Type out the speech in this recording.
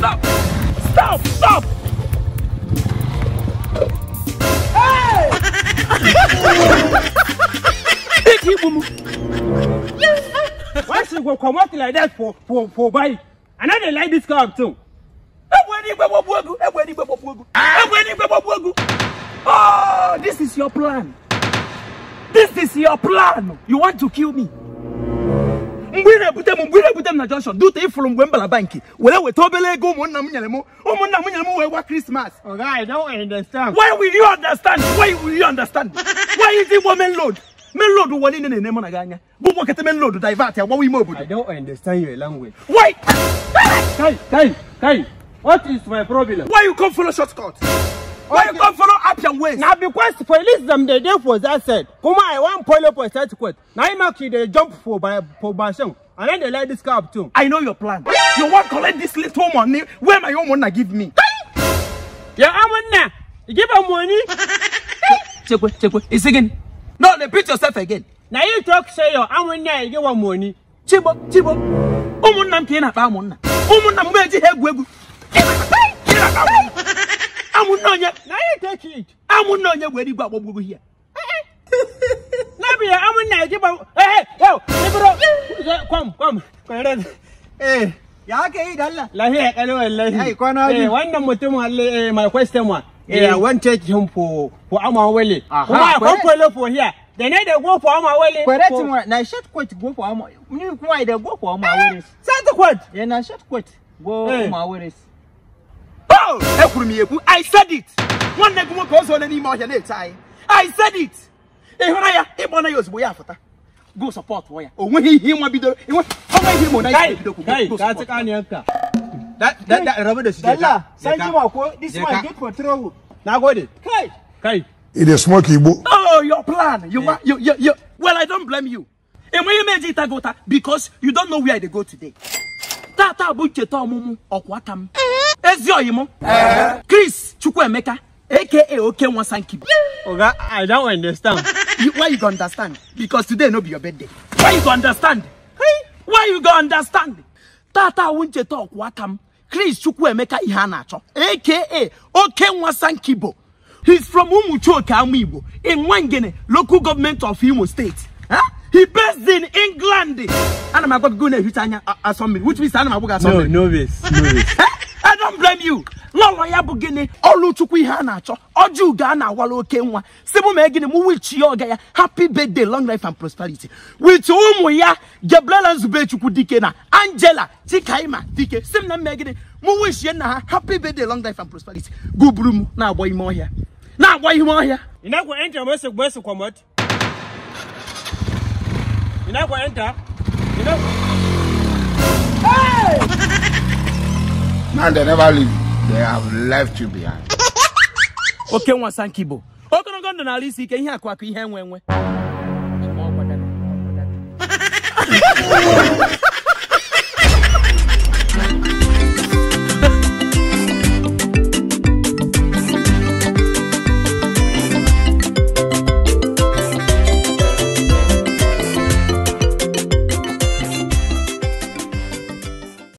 stop! Stop! Stop! Hey! Big you, Why should we come out like that for for for buy? And I like this car too. Oh, this is your plan. This is your plan. You want to kill me? ebute m mgbe ire ebute m na junction dị ụtọ ịfụrụ mgbe m banki were weta obere ego ụmụnna m nyere m ụmụnna m nyere m wee gwa krismas why will you understand why will you understand why is it main load Men load ụwa niile na-ene mụ na gị anya bụ ụgbọ kete men load divert agbawa ime obodo I don't understand your language why kai kai kai what is my problem why you come follow shortcut why you come follow up your ways? Now because police them um, they dey for that side kuma i want follow for a certain na im make e dey jump for by for bashan And then they like this cap too. I know your plan. You want collect this little money where my own money give me. Your own money? You give her money? check wait, check wait. again. No, repeat yourself again. Now you talk say your own money you give her money. Chibo, chibo. Umunna mpe na pa umunna. Umunna mbe ji hegu hegu. Amunna onye. Now you take it. Amunna onye gweri gwa gbogbo here. Na bia amunna kwam kwam kwanan eh ya ake yi dalla lahiya kale wallahi ai kwana bi wannan mutum wallahi my question one eh i want take him for for ama wale kuma i come follow for here then they go for ama wale correct one na short quote go for ama ni kuma i dey go for ama wale say the quote eh na short quote go ama wale oh ekurumi eku i said it one negumo ko so na ni ma ohia na etai i said it ehuna ya ibona yosbo ya afata go support wọ ya o nweghị he ịnwa bidoro ịnwe ọ nweghị ihe ma ọ naghị bido kwukwu go support that that that Robert da shi dalla san ji ma ko this one get for Now go gode kai kai it is smoke igbo oh your plan you yeah. you, you you well i don't blame you And when you made enweghị m eji itagota because you don't know where they go today tata bụ to ọmụmụ ọkwa aka m ezi oyi m eh. chris chukwuemeka aka oke nwa Sankey. oga i don't understand you, why you go understand because today no be your birthday why you go understand hey? why you go understand tata awunche talk wakam chris chukwuemeka ihe a na-achọ aka oke nwa sankibo he's from umuchuoke amigbo in nwangene local government of imo state huh? he based in england ana m agwa gị na to anya asọmmiri which means ana m agwa gị asọmmiri no no ways no ways i don't blame you n'ụlọ ya bụ gịnị ọrụ ihe a na-achọ ọjụụ ga a na-awara oke nwa si mụ mee gịnị mụ wichi ya ọga ya happy birthday long life and prosperity wichi ụmụ ya Gabriela Nzubechukwu dike na Angela Chikaima dike si m na mme gịnị mụ wichie nna ha happy birthday long life and prosperity gụburu m na-agba ime ọhịa na-agba ime ọhịa Now they never leave. they have left you behind. oke nwa sankibo ogologo ndụ n'ala isi ike ihe akụ akụ ihe enwe enwe